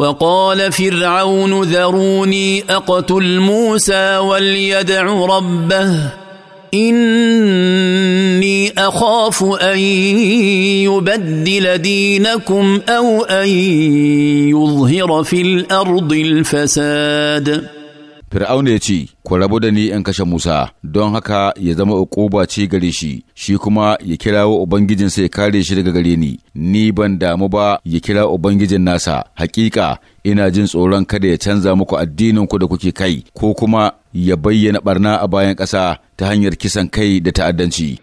وقال فرعون ذروني اقتل موسى وليدع ربه اني اخاف ان يبدل دينكم او ان يظهر في الارض الفساد Fir'auna ya ce, Ku rabu da ni in kashe Musa, don haka ya zama uquba ce gare shi, shi kuma ya kirawo Ubangijinsa ya kare shi daga gare ni, ni ban damu ba ya kira Ubangijin nasa, hakika ina jin tsoron kada ya canza muku addinin ku da kuke kai, ko kuma ya bayyana barna a bayan ƙasa ta hanyar kisan kai da ta'addanci.